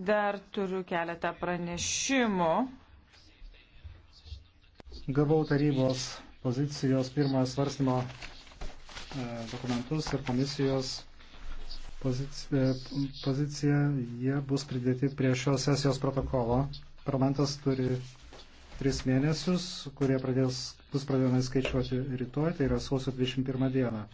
Dar turiu keletą pranešimų. Gavau tarybos pozicijos pirmojo svarstymo e, dokumentus ir komisijos poziciją, e, poziciją, jie bus pridėti prie šios sesijos protokolo. Parlamentas turi tris mėnesius, kurie pradės, bus pradedami skaičiuoti rytoj, tai yra sausio 21 dieną.